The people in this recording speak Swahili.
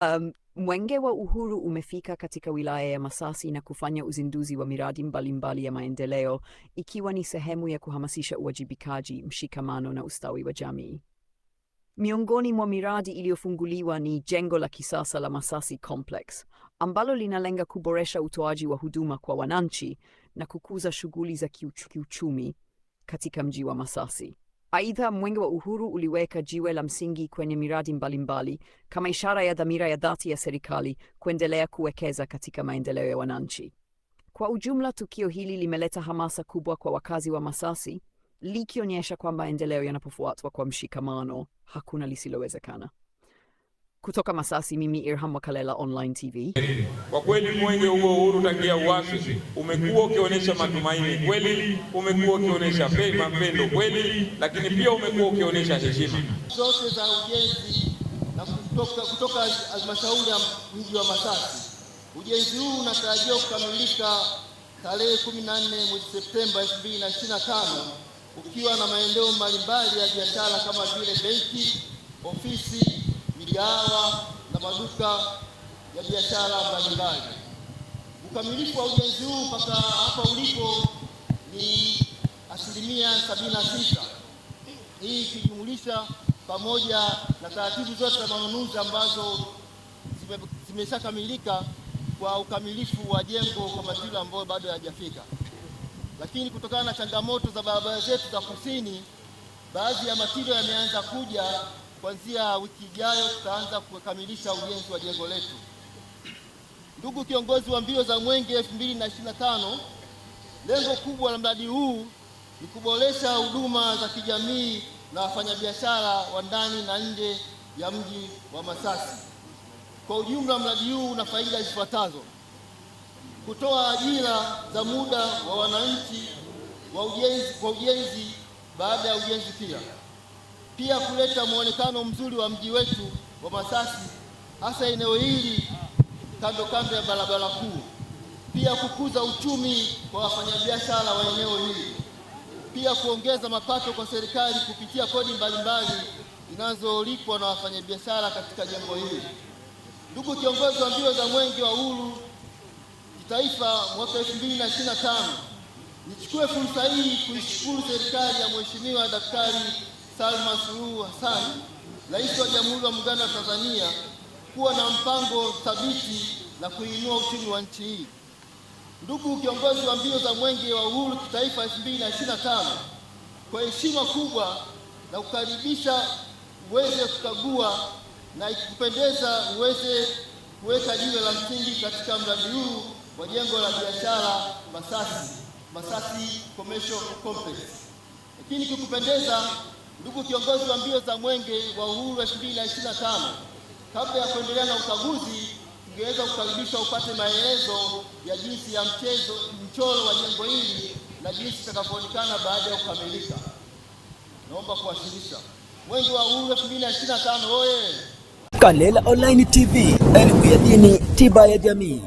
Um, Mwenge wa Uhuru umefika katika wilaya ya Masasi na kufanya uzinduzi wa miradi mbalimbali mbali ya maendeleo ikiwa ni sehemu ya kuhamasisha uwajibikaji, mshikamano na ustawi wa jamii. Miongoni mwa miradi iliyofunguliwa ni jengo la kisasa la Masasi Complex ambalo linalenga kuboresha utoaji wa huduma kwa wananchi na kukuza shughuli za kiuchumi katika mji wa Masasi. Aidha, Mwenge wa Uhuru uliweka jiwe la msingi kwenye miradi mbalimbali kama ishara ya dhamira ya dhati ya serikali kuendelea kuwekeza katika maendeleo ya wananchi. Kwa ujumla, tukio hili limeleta hamasa kubwa kwa wakazi wa Masasi, likionyesha kwamba maendeleo yanapofuatwa kwa mshikamano, hakuna lisilowezekana. Kutoka Masasi, mimi Irham Makalela, Online TV. Kwa kweli mwenge huo uhuru tangia uwasi umekuwa ukionyesha matumaini kweli, umekuwa ukionyesha pema kweli, lakini pia umekuwa ukionyesha heshima zote za ujenzi na kutoka, kutoka halmashauri ya mji wa Masasi. Ujenzi huu unatarajiwa kukamilika tarehe 14 mwezi Septemba 2025 ukiwa na maeneo mbalimbali ya biashara kama vile benki, ofisi migahawa na maduka ya biashara mbalimbali. Ukamilifu wa ujenzi huu mpaka hapa ulipo ni asilimia sita. hii ikijumulisha pamoja na taratibu zote za manunuzi ambazo zimeshakamilika kwa ukamilifu wa jengo kwa majira ambayo bado hayajafika. Lakini kutokana na changamoto za barabara zetu za kusini, baadhi ya matiro yameanza kuja Kuanzia wiki ijayo tutaanza kukamilisha ujenzi wa jengo letu. Ndugu kiongozi wa mbio za mwenge 2025, lengo kubwa la mradi huu ni kuboresha huduma za kijamii na wafanyabiashara wa ndani na nje ya mji wa Masasi. Kwa ujumla, mradi huu una faida zifuatazo: kutoa ajira za muda wa wananchi wa ujenzi, kwa ujenzi baada ya ujenzi pia pia kuleta mwonekano mzuri wa mji wetu wa Masasi, hasa eneo hili kando kando ya barabara kuu, pia kukuza uchumi kwa wafanyabiashara wa eneo hili, pia kuongeza mapato kwa serikali kupitia kodi mbalimbali zinazolipwa na wafanyabiashara katika jengo hili. Ndugu kiongozi wa mbio za mwenge wa uhuru kitaifa mwaka 2025, nichukue fursa hii kuishukuru serikali ya Mheshimiwa Daktari Salma Suluhu Hassan, Rais wa Jamhuri ya Muungano wa Tanzania kuwa na mpango thabiti na kuinua uchumi wa nchi hii. Ndugu kiongozi wa mbio za Mwenge wa Uhuru Kitaifa 2025, kwa heshima kubwa na kukaribisha uweze kukagua na ikikupendeza uweze kuweka jiwe la msingi katika mradi huu wa jengo la biashara Masasi, Masasi Commercial Complex, lakini kikupendeza Ndugu kiongozi wa mbio za mwenge wa uhuru 2025, kabla ya kuendelea na ukaguzi, ungeweza kukaribisha upate maelezo ya jinsi ya mchezo mchoro wa jengo hili na jinsi itakavyoonekana baada ya kukamilika. Naomba kuwasilisha. Mwenge wa uhuru 2025 oye! Kalela Online TV, elimu ya dini, tiba ya jamii.